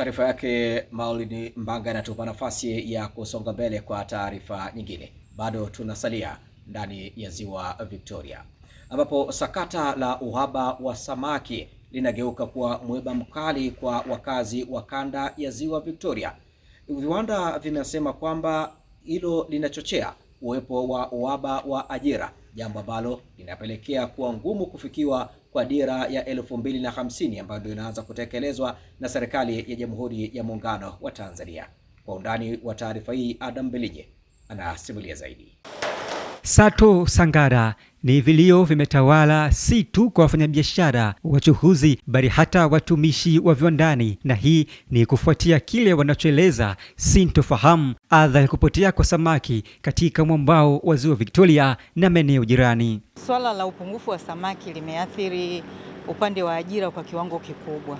Taarifa yake Maulidi Mbanga inatupa nafasi ya kusonga mbele kwa taarifa nyingine. Bado tunasalia ndani ya ziwa Victoria, ambapo sakata la uhaba wa samaki linageuka kuwa mweba mkali kwa wakazi wa kanda ya ziwa Victoria. Viwanda vimesema kwamba hilo linachochea uwepo wa uhaba wa ajira, jambo ambalo linapelekea kuwa ngumu kufikiwa kwa dira ya 2050 ambayo ndio inaanza kutekelezwa na serikali ya Jamhuri ya Muungano wa Tanzania. Kwa undani wa taarifa hii, Adam Belije anasimulia zaidi. Sato Sangara ni vilio vimetawala si tu kwa wafanyabiashara, wachuhuzi, bali hata watumishi wa viwandani, na hii ni kufuatia kile wanachoeleza sintofahamu adha ya kupotea kwa samaki katika mwambao wa ziwa Victoria na maeneo jirani. Swala la upungufu wa samaki limeathiri upande wa ajira kwa kiwango kikubwa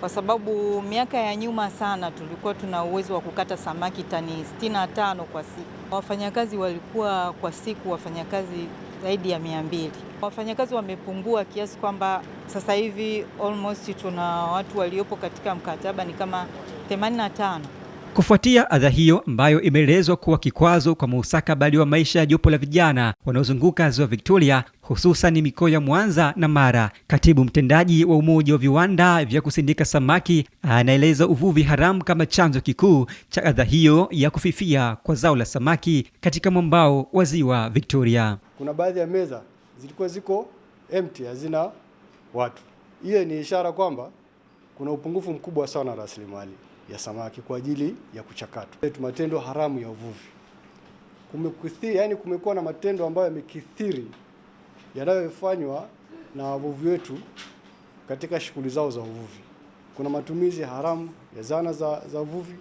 kwa sababu miaka ya nyuma sana tulikuwa tuna uwezo wa kukata samaki tani 65 kwa siku. Wafanyakazi walikuwa kwa siku wafanyakazi zaidi ya mia mbili. Wafanyakazi wamepungua kiasi kwamba sasa hivi almost tuna watu waliopo katika mkataba ni kama 85. Kufuatia adha hiyo ambayo imeelezwa kuwa kikwazo kwa mustakabali wa maisha ya jopo la vijana wanaozunguka ziwa Victoria hususan mikoa ya Mwanza na Mara, katibu mtendaji wa Umoja wa Viwanda vya Kusindika Samaki anaeleza uvuvi haramu kama chanzo kikuu cha adha hiyo ya kufifia kwa zao la samaki katika mwambao wa ziwa Victoria. Kuna baadhi ya meza zilikuwa ziko empty, hazina watu. Hiyo ni ishara kwamba kuna upungufu mkubwa sana rasilimali ya samaki kwa ajili ya kuchakatwa. Matendo haramu ya uvuvi kumekithiri, yani kumekuwa na matendo ambayo yamekithiri yanayofanywa na wavuvi wetu katika shughuli zao za uvuvi. Kuna matumizi haramu ya zana za, za uvuvi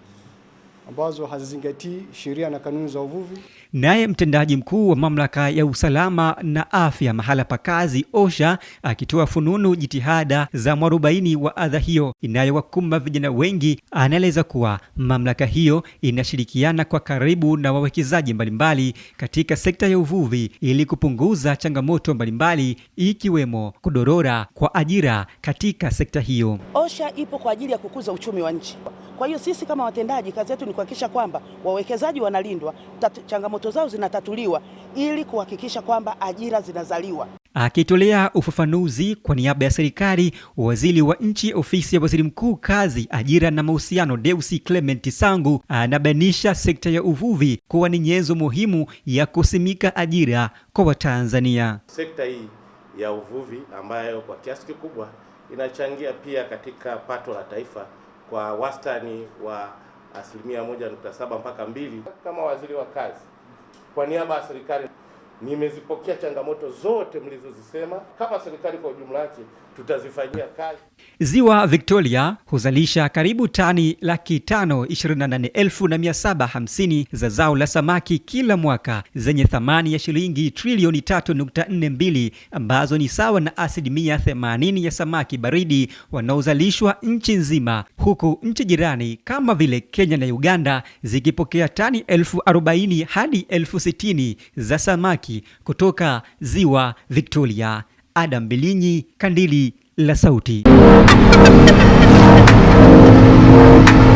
ambazo hazizingatii sheria na kanuni za uvuvi. Naye mtendaji mkuu wa mamlaka ya usalama na afya mahala pa kazi OSHA akitoa fununu jitihada za mwarobaini wa adha hiyo inayowakumba vijana wengi, anaeleza kuwa mamlaka hiyo inashirikiana kwa karibu na wawekezaji mbalimbali katika sekta ya uvuvi ili kupunguza changamoto mbalimbali ikiwemo kudorora kwa ajira katika sekta hiyo. OSHA ipo kwa ajili ya kukuza uchumi wa nchi. Kwa hiyo sisi kama watendaji, kazi yetu ni kuhakikisha kwamba wawekezaji wanalindwa tatu, changamoto zao zinatatuliwa ili kuhakikisha kwamba ajira zinazaliwa. Akitolea ufafanuzi kwa niaba ya serikali, waziri wa nchi ofisi ya waziri mkuu kazi, ajira na mahusiano, Deusi Clement Sangu anabainisha sekta ya uvuvi kuwa ni nyenzo muhimu ya kusimika ajira kwa Watanzania. Sekta hii ya uvuvi ambayo kwa kiasi kikubwa inachangia pia katika pato la taifa kwa wastani wa asilimia moja nukta saba mpaka mbili. Kama waziri wa kazi, kwa niaba ya serikali nimezipokea changamoto zote mlizozisema. Kama serikali kwa ujumla yake tutazifanyia kazi. Ziwa Victoria huzalisha karibu tani laki tano ishirini na nane elfu na mia saba hamsini za zao la samaki kila mwaka zenye thamani ya shilingi trilioni tatu nukta nne mbili ambazo ni sawa na asilimia themanini ya samaki baridi wanaozalishwa nchi nzima, huku nchi jirani kama vile Kenya na Uganda zikipokea tani elfu arobaini hadi elfu sitini za samaki kutoka Ziwa Victoria. Adam Bilinyi, Kandili la Sauti. Thank you.